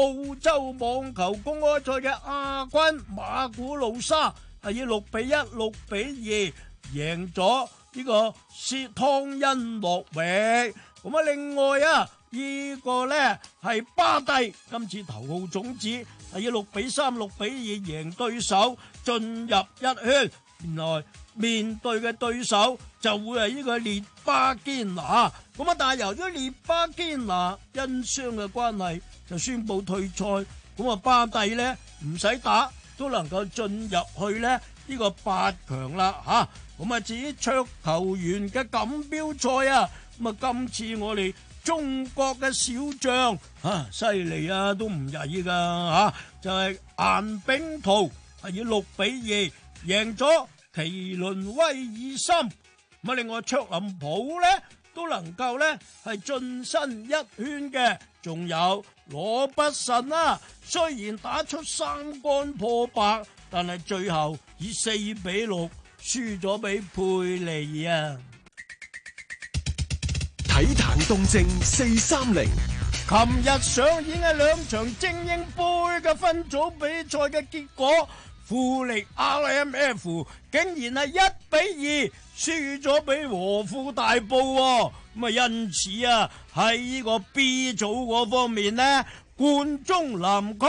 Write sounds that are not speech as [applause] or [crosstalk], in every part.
澳洲網球公開賽嘅亞軍馬古魯沙係以六比一、六比二贏咗呢個薛湯恩洛域。咁啊，另外啊，呢個咧係巴蒂，今次頭號種子係以六比三、六比二贏對手進入一圈。原來面對嘅對手就會係呢個列巴堅拿。咁啊，但係由於列巴堅拿因傷嘅關係。就宣布退賽，咁啊巴蒂咧唔使打都能夠進入去咧呢個八強啦吓，咁啊至於桌球員嘅錦標賽啊，咁啊今次我哋中國嘅小將吓犀利啊都唔易噶吓，就係顏丙濤係以六比二贏咗奇倫威爾森，咁啊另外卓林普咧都能夠咧係晉身一圈嘅。仲有羅伯遜啦啊，雖然打出三杆破百，但係最後以四比六輸咗俾佩利爾啊。體壇動靜四三零，琴日上演嘅兩場精英杯嘅分組比賽嘅結果，富力 R M F 竟然係一比二輸咗俾和富大埔啊。咁啊，因此啊，喺呢個 B 組嗰方面咧，冠忠南區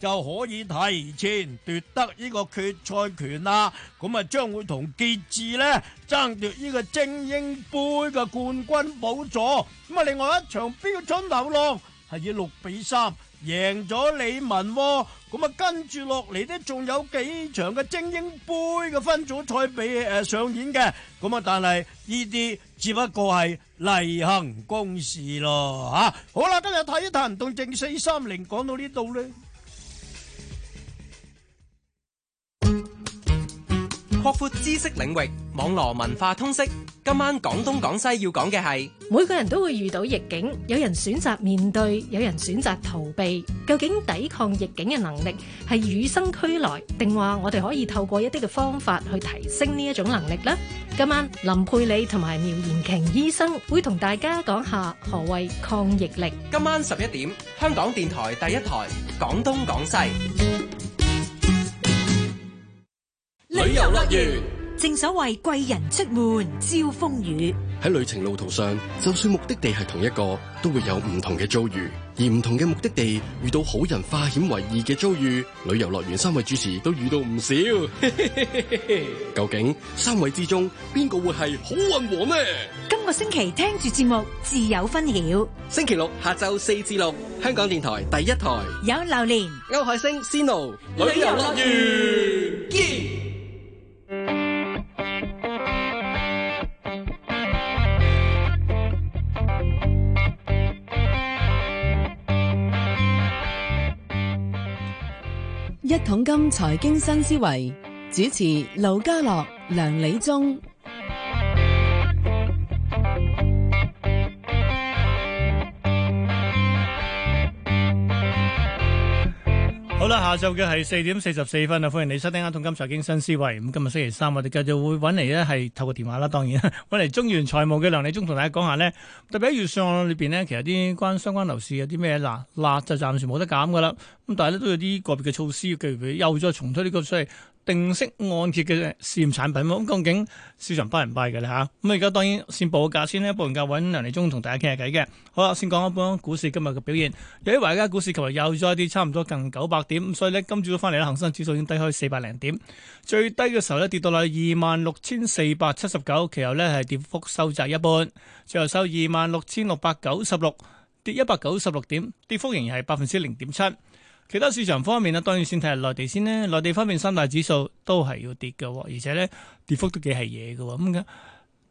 就可以提前奪得呢個決賽權啦。咁啊，將會同傑志呢爭奪呢個精英杯嘅冠軍寶座。咁啊，另外一場標準流浪係以六比三。贏咗李文，哦，咁啊跟住落嚟呢仲，有幾場嘅精英杯嘅分組賽比誒上演嘅。咁啊但係呢啲只不過係例行公事咯吓、啊。好啦，今日睇一睇，同正四三零講到呢度咧。擴闊知識領域，網羅文化通識。今晚廣東廣西要講嘅係，每個人都會遇到逆境，有人選擇面對，有人選擇逃避。究竟抵抗逆境嘅能力係與生俱來，定話我哋可以透過一啲嘅方法去提升呢一種能力呢？今晚林佩理同埋苗延瓊醫生會同大家講下何謂抗逆力。今晚十一點，香港電台第一台廣東廣西。旅遊樂園，正所謂貴人出門招風雨。喺旅程路途上，就算目的地係同一個，都會有唔同嘅遭遇。而唔同嘅目的地遇到好人化險為夷嘅遭遇，旅遊樂園三位主持都遇到唔少。 [laughs] 究竟三位之中邊個會係好運王呢？今個星期聽住節目自有分曉。星期六下晝四至六，香港電台第一台、嗯、有榴蓮歐海星 Cino 旅遊樂園。一桶金財經新思維，主持劉家樂、梁理忠。好啦，下晝嘅係四點四十四分啊！歡迎你收聽一桶金財經新思維。咁今日星期三，我哋繼續會揾嚟呢，係透過電話啦。當然，揾嚟中原財務嘅梁理忠同大家講下呢。特別喺預算案裏邊呢，其實啲關相關樓市有啲咩？嗱，辣就暫時冇得減噶啦。咁但係咧都有啲個別嘅措施，譬如佢又再重推呢個所謂定息按揭嘅試驗產品。咁究竟市場 buy 唔 buy 嘅吓？咁而家當然先報個價先啦。報完價揾梁利忠同大家傾下偈嘅。好啦，先講一講股市今日嘅表現。由於而家股市琴日又再跌差唔多近九百點，咁所以呢今朝早翻嚟咧，恒生指數已經低開四百零點，最低嘅時候呢跌到啦二萬六千四百七十九，其後呢係跌幅收窄一半，最後收二萬六千六百九十六，跌一百九十六點，跌幅仍然係百分之零點七。其他市場方面咧，當然先睇下內地先咧。內地方面三大指數都係要跌嘅，而且咧跌幅都幾係嘢嘅。咁嘅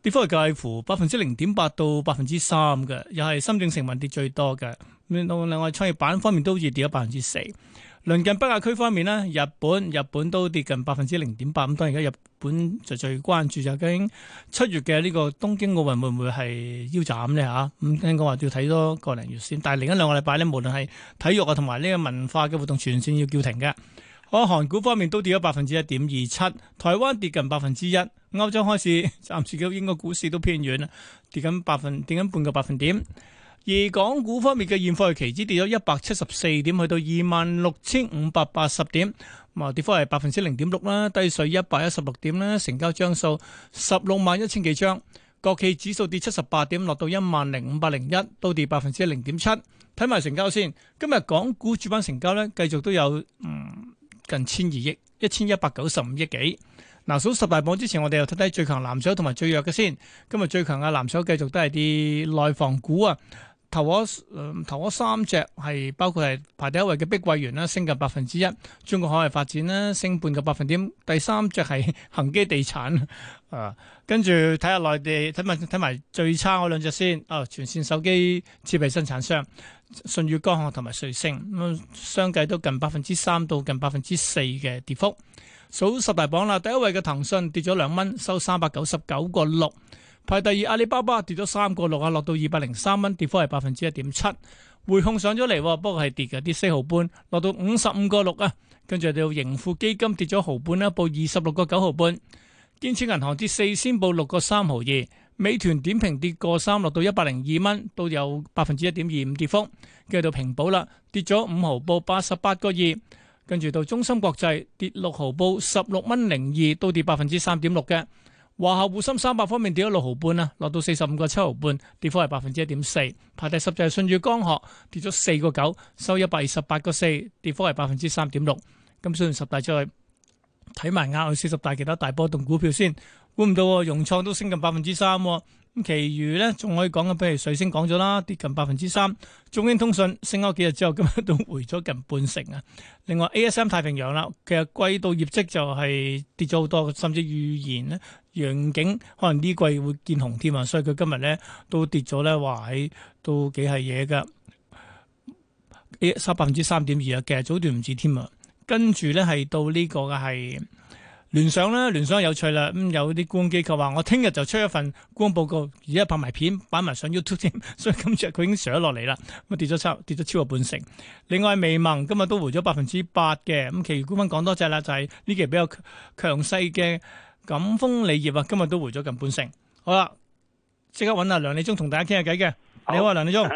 跌幅係介乎百分之零點八到百分之三嘅，又係深證成分跌最多嘅。另外創業板方面都好似跌咗百分之四。鄰近北亞區方面咧，日本日本都跌近百分之零點八。咁當然而家日本就最關注就究竟七月嘅呢個東京奧運會唔會係腰斬呢嚇？咁聽講話要睇多個零月先。但係另一兩個禮拜咧，無論係體育啊同埋呢個文化嘅活動，全線要叫停嘅。咁韓股方面都跌咗百分之一點二七，台灣跌近百分之一。歐洲開市暫時嘅應該股市都偏軟，跌緊百分跌緊半個百分點。而港股方面嘅現貨期指跌咗一百七十四點，去到二萬六千五百八十點，啊跌幅係百分之零點六啦，低水一百一十六點啦，成交張數十六萬一千幾張。國企指數跌七十八點，落到一萬零五百零一，都跌百分之零點七。睇埋成交先，今日港股主板成交咧，繼續都有嗯近千二億，一千一百九十五億幾。嗱，數十大榜之前，我哋又睇睇最強藍籌同埋最弱嘅先。今日最強嘅藍籌繼續都係啲內房股啊。頭嗰，頭嗰三隻，係包括係排第一位嘅碧桂園啦，升近百分之一；中國海外發展啦，升半個百分點。第三隻係恒基地產，啊，跟住睇下內地，睇埋睇埋最差嗰兩隻先。哦，全線手機設備生產商，舜宇光學同埋瑞聲，咁相繼都近百分之三到近百分之四嘅跌幅。數十大榜啦，第一位嘅騰訊跌咗兩蚊，收三百九十九個六。排第二，阿里巴巴跌咗三個六啊，落到二百零三蚊，跌幅係百分之一點七，匯控上咗嚟，不過係跌嘅，跌四毫半，落到五十五個六啊。跟住就到盈富基金跌咗毫半啦，報二十六個九毫半。建設銀行跌四仙，報六個三毫二。美團點評跌個三，落到一百零二蚊，都有百分之一點二五跌幅，跟住到平保啦，跌咗五毫，報八十八個二。跟住到中芯國際跌六毫，報十六蚊零二，都跌百分之三點六嘅。華夏滬深三百方面跌咗六毫半啊，落到四十五個七毫半，跌幅係百分之一點四。排第十就係舜宇光學，跌咗四個九，收一百二十八個四，跌幅係百分之三點六。咁先、嗯、十大再睇埋亞匯四十大其他大波動股票先。估唔到，融創都升近百分之三。咁、哦，其餘咧，仲可以講嘅，譬如瑞星講咗啦，跌近百分之三。中興通訊升咗幾日之後，今日都回咗近半成啊。另外，ASM 太平洋啦，其實季度業績就係跌咗好多，甚至預言咧，陽景可能呢季會見紅添啊。所以佢今日咧都跌咗咧，話喺都幾係嘢嘅，三百分之三點二啊，其實早段唔止添啊。跟住咧係到呢個嘅係。聯想咧，聯想有趣啦，咁、嗯、有啲沽空機構話，我聽日就出一份沽空報告，而家拍埋片擺埋上 YouTube 添，所以今日佢已經上咗落嚟啦，咁跌咗七，跌咗超過半成。另外微盟今日都回咗百分之八嘅，咁其餘股份講多隻啦，就係、是、呢期比較強勢嘅感豐利業啊，今日都回咗近半成。好啦，即刻揾阿梁利忠同大家傾下偈嘅。你好啊，梁利忠，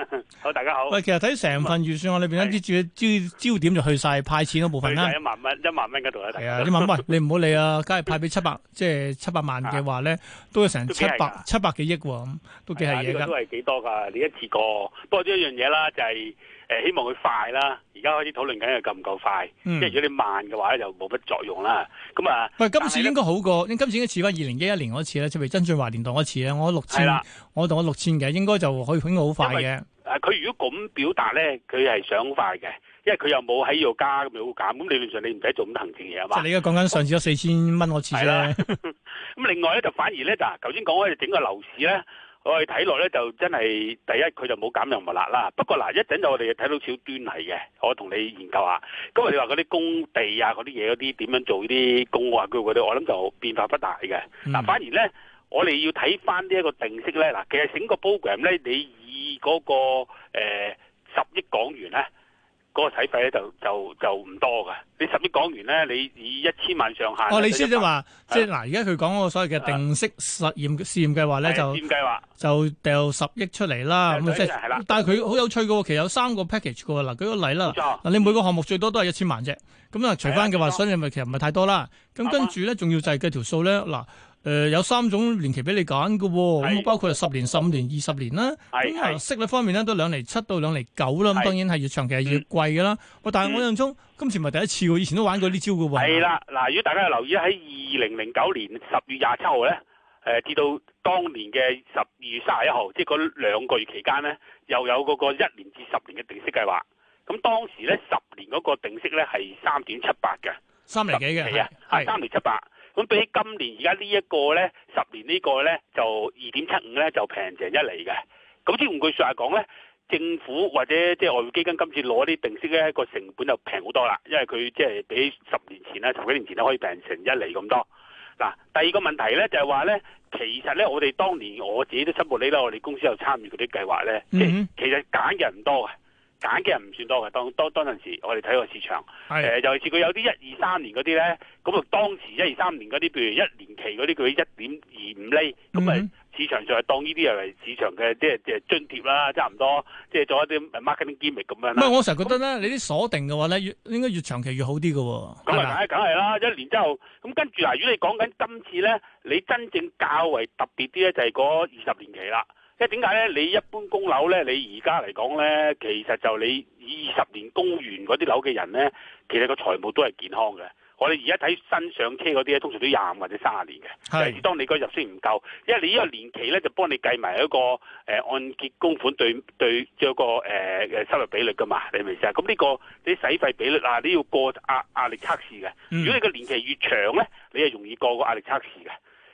好大家好。喂，其實睇成份預算案裏邊一啲主要焦焦點就去晒派錢嗰部分啦、啊。一萬蚊，一萬蚊嗰度啊！係啊，一萬喂，你唔好理啊，梗係派俾七百，即係七百萬嘅話咧，都有成700，都七百七百幾億喎，都幾係嘢噶。哎這個、都係幾多噶？你一次過，不過呢一樣嘢啦，就係。誒希望佢快啦，而家開始討論緊係夠唔夠快，即係、嗯、如果你慢嘅話咧，就冇乜作用啦。咁啊、嗯，喂是，今次應該好過，今次應該似返二零一一年嗰次咧，即係譬如曾俊華年代嗰次咧，我六千了，我當我六千嘅應該就可以反映好快嘅。誒，佢如果咁表達咧，佢係想快嘅，因為佢又冇喺度加咁又減，咁理論上你唔使做咁多行政嘢啊嘛。即係你而家講緊上次嗰四千蚊嗰次啦。咁了 [laughs] [laughs] 另外咧就反而咧就頭先講開整個樓市咧。我哋睇落咧就真係第一，佢就冇減任何辣啦。不過嗱，一陣就我哋睇到少端倪嘅，我同你研究下。咁我你話嗰啲工地啊、嗰啲嘢、嗰啲點樣做呢啲工啊、嗰啲，我諗就變化不大嘅。嗱、嗯，反而咧，我哋要睇返呢一個定息咧。嗱，其實整個 program 咧，你以嗰、嗰個十億、呃、港元咧。嗰個使費咧就就就唔多噶，你十億講完咧，你以一千萬上限。哦、啊，你先先話，啊、即係嗱，而家佢講嗰個所謂嘅定息實驗試驗計劃咧、啊，就試驗計劃就掉十億出嚟啦。咁、啊、即係，啊、但係佢好有趣嘅喎，其實有三個 package 嘅喎。嗱舉個例啦，嗱、啊、你每個項目最多都係一千萬啫。咁啊，除翻嘅話，所以咪其實唔係太多啦。咁、啊、跟住咧，仲要就係計條數咧，嗱。誒，有三種年期俾你揀嘅，咁包括十年、十五年、二十年啦。係係息率方面咧，都兩厘七到兩厘九啦。咁當然係越長期越貴噶啦。我但係我印象中今次唔係第一次，以前都玩過呢招嘅。係啦，嗱，如果大家留意喺二零零九年十月廿七號咧，誒，至到當年嘅十二月卅一號，即係嗰兩個月期間咧，又有嗰個一年至十年嘅定息計劃。咁當時咧，十年嗰個定息咧係三點七八嘅，三厘幾嘅係啊，係三厘七八。咁比起今年而家呢一個呢十年呢個呢，就二點七五呢，就平成一厘嘅。咁啲換句説話講呢，政府或者即係外匯基金今次攞啲定息呢個成本就平好多啦，因為佢即係比十年前呢、十幾年前呢可以平成一厘咁多。嗱，第二個問題呢，就係話呢，其實呢，我哋當年我自己都深獲利益，我哋公司有參與嗰啲計劃呢，其實揀嘅人多啊。揀嘅人唔算多嘅，當當當陣時，我哋睇個市場，誒的、呃，尤其是佢有啲一二三年嗰啲咧，咁啊，當時一二三年嗰啲，譬如一年期嗰啲，佢一點二五厘，咁啊、嗯哼，市場上係當呢啲係為市場嘅即係即係津貼啦，差唔多，即、就、係、是、做一啲 marketing gimmick 咁樣啦。唔係，我成日覺得咧，那你啲鎖定嘅話咧，越應該越長期越好啲嘅喎。咁啊、就是，梗梗係啦，一年之後，咁跟住嗱，如果你講緊今次咧，你真正較為特別啲咧，就係嗰二十年期啦。即係點解咧？你一般供樓咧，你而家嚟講咧，其實就你二十年供完嗰啲樓嘅人咧，其實個財務都係健康嘅。我哋而家睇新上車嗰啲咧，通常都廿五或者三十年嘅。係是，當你個入息唔夠，因為你呢個年期咧就幫你計埋一個誒按揭供款對對著、這個誒嘅、呃、收入比率㗎嘛？你明唔明先？咁呢個你使費比率啊，你要過壓壓力測試嘅。如果你個年期越長咧，你就容易過個壓力測試嘅。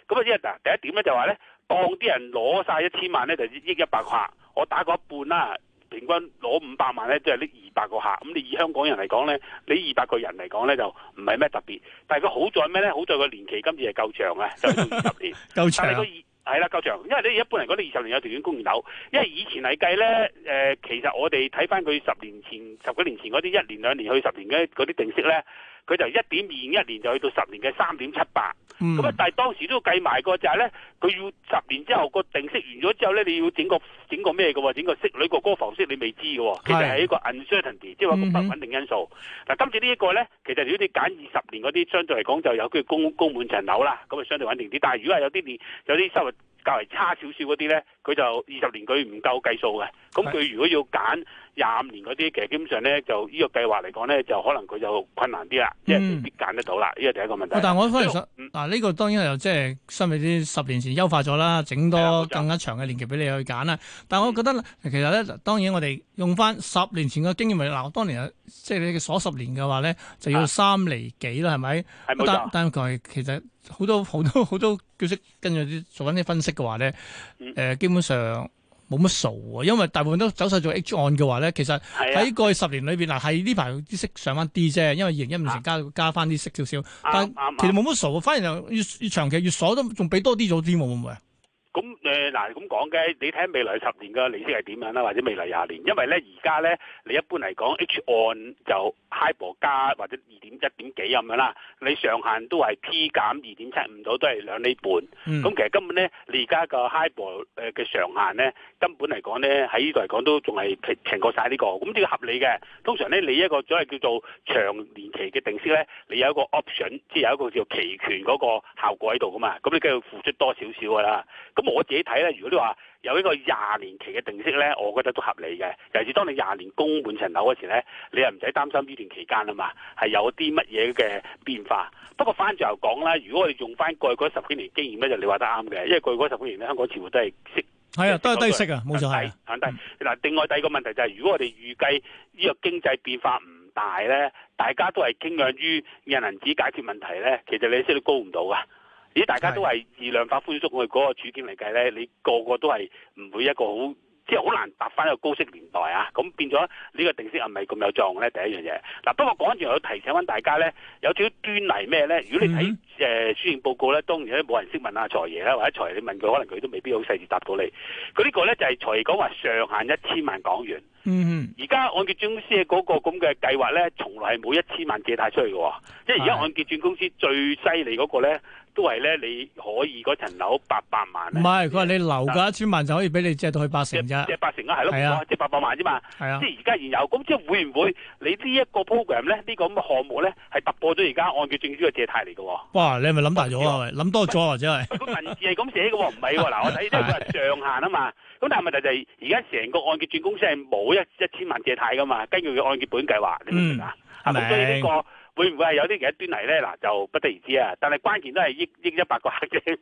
咁啊、嗯，即嗱第一點咧就話咧。當啲人攞晒一千萬咧，就益一百個客，我打過一半啦，平均攞五百萬咧，即係呢二百個客。咁你以香港人嚟講咧，你二百個人嚟講咧就唔係咩特別。但係佢好在咩？咧好在個年期今次係夠長啊，就二十年。夠 [laughs] 長但係佢係啦，夠長，因為你一般嚟講你二十年有條件供完樓，因為以前嚟計咧，誒、呃，其實我哋睇翻佢十年前，十幾年前嗰啲一年，兩年去十年嘅嗰啲定息咧。佢就一點二一年就去到十年嘅三點七八，咁啊！但係當時都計埋個就係咧，佢要十年之後個定息完咗之後咧，你要整個整個咩嘅喎？整個息率個浮息你未知嘅喎、哦，其實係一個 uncertainty，的即係話個不穩定因素。嗱、嗯哼，今次這呢一個咧，其實如果你揀二十年嗰啲，相對嚟講就有機會供供滿層樓啦，咁啊相對穩定啲。但係如果係有啲年有啲收入較為差少少嗰啲咧，佢就二十年佢唔夠計數嘅，咁佢如果要揀，廿五年嗰啲，其實基本上咧就呢個計劃嚟講咧，就可能佢就困難啲啦，嗯、即係未必揀得到啦。呢個第一個問題。但係我可能想，嗱呢、嗯啊呢個當然又即係相比啲十年前優化咗啦，整多更加長嘅年期俾你去揀啦。但係我覺得、嗯、其實咧，當然我哋用翻十年前嘅經驗嚟嗱，啊啊、當年即係你鎖十年嘅話咧，就要三厘幾啦，係咪？係冇錯。但係其實好多好多好多叫識跟住啲做緊啲分析嘅話咧，誒、嗯嗯、基本上。冇乜數啊，因為大部分都走晒做 H 按嘅話咧，其實喺過去十年裏邊嗱，喺呢排息上翻啲啫，因為二零一五年加加翻啲息少少，但係其實冇乜數啊。反而又越越長期越鎖都仲俾多啲咗啲，會唔會啊？咁誒嗱，咁講嘅，你睇未來十年嘅利息係點樣啦，或者未來廿年，因為咧而家咧，你一般嚟講 H 按就 HIBOR 加或者二點一點幾咁樣啦，你上限都係 P 減二點七五到都係兩厘半。咁其實根本咧，你而家個 HIBOR 誒嘅上限咧，根本嚟講咧喺呢度嚟講都仲係平平過曬呢個。咁呢個合理嘅。通常咧，你一個所謂叫做長年期嘅定息咧，你有一個 option，即係有一個叫期權嗰個效果喺度噶嘛。咁你梗要付出多少少噶啦。咁我自己睇咧，如果你話有呢個廿年期嘅定息咧，我覺得都合理嘅。尤其是當你廿年供滿層樓嗰時咧，你又唔使擔心呢段期間啊嘛，係有啲乜嘢嘅變化。不過翻轉頭講咧，如果我哋用翻過去十幾年經驗咧，就你話得啱嘅，因為過去十幾年咧，香港全部都係息，係啊、哎，都係低息啊，冇錯係嗱，嗯、另外第二個問題就係、是，如果我哋預計呢個經濟變化唔大咧，大家都係傾向於印銀紙解決問題咧，其實你息都高唔到㗎。咦，大家都係以量化寬鬆去嗰個處境嚟計咧，你個個都係唔會一個好，即係好難答翻一個高息年代啊！咁變咗呢個定息又唔係咁有作用咧。第一樣嘢，嗱、啊、不過講完我要提醒翻大家咧，有少少端倪咩咧？如果你睇誒、呃、書面報告咧，當然咧冇人識問阿財爺啦，或者財爺你問佢，可能佢都未必好細緻答到你。佢呢個咧就係、是、財爺講話上限一千萬港元。嗯嗯，而家按揭轉公司嘅嗰個咁嘅計劃咧，從來係冇一千萬借貸出去嘅，即係而家按揭轉公司最犀利嗰個咧，都係咧你可以嗰層樓八百萬。唔係，佢話你樓價一千萬就可以俾你借到去八成啫，借八成咯，係咯，即係八百萬啫嘛。係啊，即係而家現有，咁即係會唔會你呢一個 program 咧，呢個咁嘅項目咧，係突破咗而家按揭轉公司嘅借貸嚟嘅？哇！你係咪諗大咗啊？諗多咗或者係？個文字係咁寫嘅，唔係嗱，我睇即係佢係上限啊嘛。咁但問題就係，而家成個按揭轉公司係冇一一千萬借貸噶嘛，根據佢按揭本計劃，你明唔明啊？係咪？所以呢個。會唔會係有啲嘅端倪咧？嗱，就不得而知啊。但係關鍵都係億億一百個客啫。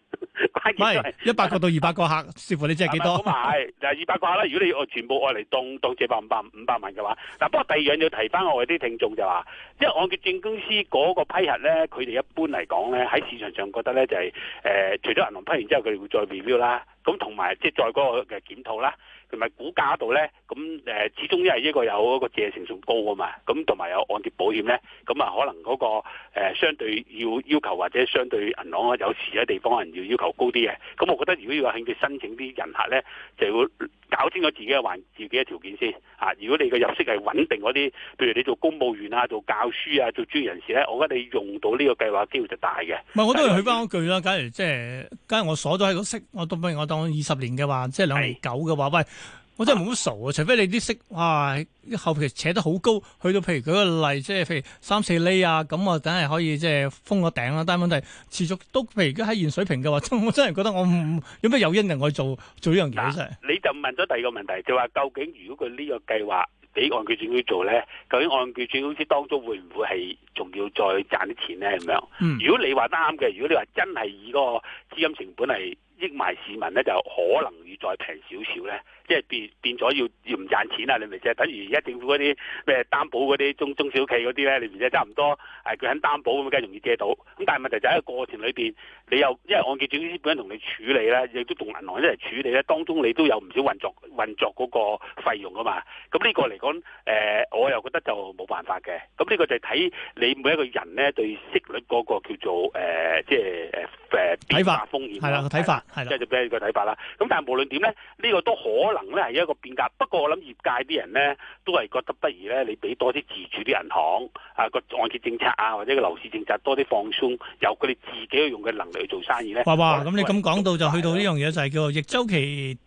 關鍵係一百個到二百個客，視 [laughs] 乎你即係幾多。係嗱，二百，就是，個客啦，如果你全部按嚟，當當借百五百五百萬嘅話，嗱，不過第二樣要提翻我哋啲聽眾就話、是，即、就、係、是、按券公司嗰個批核咧，佢哋一般嚟講咧喺市場上覺得咧就係、是、誒、呃，除咗銀行批完之後，佢哋會再微 e 啦，咁同埋即係再嗰個嘅檢討啦。同埋股價度咧，咁誒始終因為一個有嗰個借成數高啊嘛，咁同埋有按揭保險咧，咁啊可能嗰個相對要要求或者相對銀行啊有時咧地方可能要要求高啲嘅，咁我覺得如果要有興趣申請啲人客咧，就要，搞清楚自己嘅環境，自己嘅條件先嚇、啊。如果你嘅入息係穩定嗰啲，譬如你做公務員啊、做教書啊、做專業人士咧，我覺得你用到呢個計劃機會就大嘅。唔係，是我都係去翻嗰句啦。假如即、就、係、是，假如我鎖咗喺、那個息，我都不如我當二十年嘅話，即係兩年九嘅話，是喂。我真係冇好傻啊！除非你啲息哇後期扯得好高，去到譬如舉個例，即係譬如三四厘啊，咁我梗係可以即係封個頂啦。但係問題持續都譬如而家喺現水平嘅話，我真係覺得我唔有咩有，有因人去做做呢樣嘢，你就問咗第二個問題，就話、是、究竟如果佢呢個計劃俾按揭證券做咧，究竟按揭證券公司當中會唔會係仲要再賺啲錢咧？咁樣、嗯，如果你話得啱嘅，如果你話真係以嗰個資金成本嚟益埋市民咧，就可能要再平少少咧。即係變變咗要要唔賺錢啊！你唔係即係等於而家政府嗰啲咩擔保嗰啲中中小企嗰啲咧，你唔係即係差唔多？係、啊、佢肯擔保咁，梗係容易借到。咁但係問題就喺個過程裏邊，你又因為按揭總經本身同你處理咧，亦都同銀行一齊處理咧，當中你都有唔少運作運作嗰個費用㗎嘛。咁呢個嚟講，誒、呃、我又覺得就冇辦法嘅。咁呢個就睇你每一個人咧對息率嗰個叫做誒、呃、即係誒誒睇法風險係啦，睇法係啦，即係就俾你個睇法啦。咁但係無論點咧，呢、這個都可能。這個能咧係一個變革，不過我諗業界啲人咧都係覺得不如咧，你俾多啲自主啲銀行啊個按揭政策啊或者個樓市政策多啲放鬆，由佢哋自己用嘅能力去做生意咧。哇哇！咁你咁講到就去到呢樣嘢就係叫逆周期。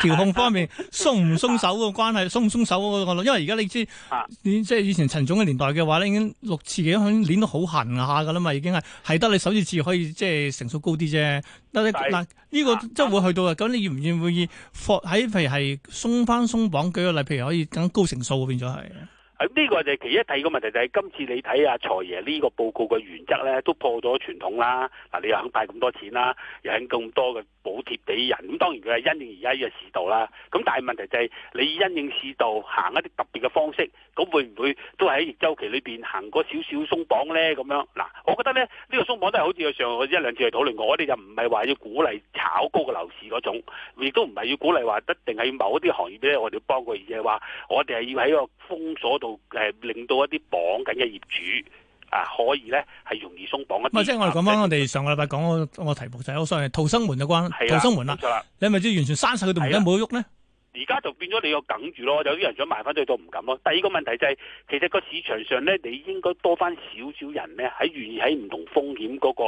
調控方面鬆唔鬆手個關係鬆唔鬆手嗰個咯，因為而家你知，你即係以前陳總嘅年代嘅話咧，已經六次已經連到好痕下噶啦嘛，已經係係得你首次次可以即係成數高啲啫。嗱嗱對，呢個真會去到嘅，咁、啊、你願唔願意會放喺譬如係鬆翻鬆綁？舉個例，譬如可以更高數成數變咗係。呢、啊這個就係其一，第二個問題就係、是、今次你睇阿財爺呢個報告嘅原則咧，都破咗傳統啦。嗱、啊，你又肯派咁多錢啦、啊，又肯咁多嘅補貼俾人。咁、啊、當然佢係因應而起嘅市道啦。咁、啊、但係問題就係、是、你因應市道行一啲特別嘅方式，咁、啊、會唔會都喺逆周期裏邊行過少少鬆綁咧？咁樣嗱、啊，我覺得咧，呢、這個鬆綁都係好似我上一兩次去討論過，我哋就唔係話要鼓勵炒高嘅樓市嗰種，亦都唔係要鼓勵話一定係某一啲行業咧，我哋要幫佢，而係話我哋係要喺個封鎖。到令到一啲綁緊嘅業主啊，可以咧係容易鬆綁一啲。即係我哋講翻，我哋上個禮拜講我我題目就係我上係逃生門，有關逃生門啦。的你係咪知完全閂晒佢度，而家冇得喐咧？的而家就變咗你又梗住咯，有啲人想賣翻出去都唔敢咯。第二個問題就係、是，其實個市場上咧，你應該多翻少少人咧，喺願意喺唔同風險嗰、那個、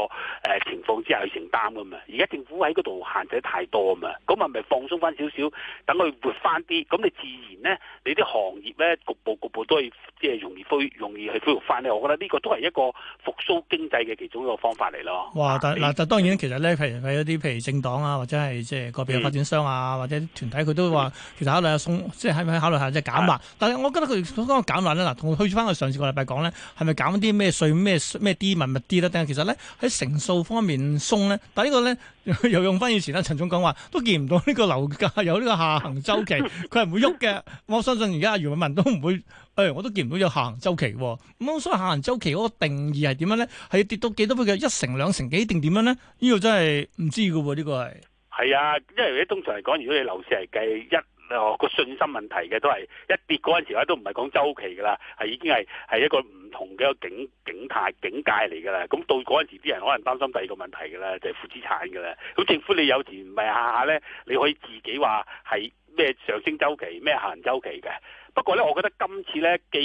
呃、情況之下去承擔噶嘛。而家政府喺嗰度限制太多啊嘛，咁啊咪放鬆翻少少，等佢活翻啲，咁你自然咧，你啲行業咧，局部局部都係即係容易恢容易去恢復翻咧。我覺得呢個都係一個復甦經濟嘅其中一個方法嚟咯。哇！嗱，但當然其實咧，譬如喺一啲譬如政黨啊，或者係即係個別嘅發展商啊，是或者啲團體佢都話。其實考慮下鬆，即係可唔可以考慮下即係減壓？但係我覺得佢講減壓咧，嗱，同佢推翻佢上次個禮拜講咧，係咪減啲咩稅、咩咩啲物物啲咧？但係其實咧喺成數方面鬆咧，但係呢個咧又用翻以前咧，陳總講話都見唔到呢個樓價有呢個下行周期，佢係唔會喐嘅。 [laughs] 我相信而家阿余偉文都唔會，誒、哎，我都見唔到有下行周期、哦。咁所以下行周期嗰個定義係點樣咧？係跌到幾多 percent，一成、兩成幾？定點樣咧？呢個真係唔知噶喎，呢、這個係。係啊，因為咧，通常嚟講，如果你樓市嚟計一，一、個信心問題嘅都係一跌嗰陣時咧，都唔係講週期噶啦，係已經係係一個唔同嘅一個警警態警戒嚟噶啦。咁到嗰陣時，啲人可能擔心第二個問題噶啦，就係、係、負資產噶啦。咁政府你有時唔係下下咧，你可以自己話係咩上升週期，咩下行週期嘅。不過咧，我覺得今次咧，既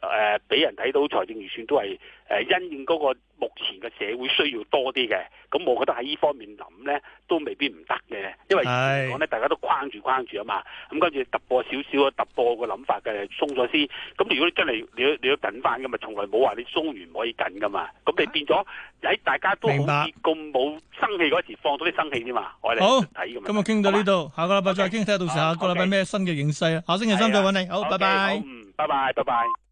然誒俾、呃、人睇到財政預算都係誒、呃、因應嗰個目前嘅社會需要多啲嘅，咁、嗯、我覺得喺呢方面諗咧都未必唔得嘅，因為點講咧，大家都框住框住啊嘛，咁、嗯、跟住突破少少啊，突破個諗法嘅鬆咗先。咁、嗯、如果你真係你要你要緊翻嘅，咪從來冇話你鬆完唔可以緊㗎嘛。咁、嗯、你變咗喺大家都好咁冇生氣嗰時放咗啲生氣啫嘛。我哋好咁。咁啊，傾到呢度，下個禮拜再傾，睇下到時候下個禮拜咩新嘅形勢啊。下星期三再揾你。好，嗯，拜拜拜拜。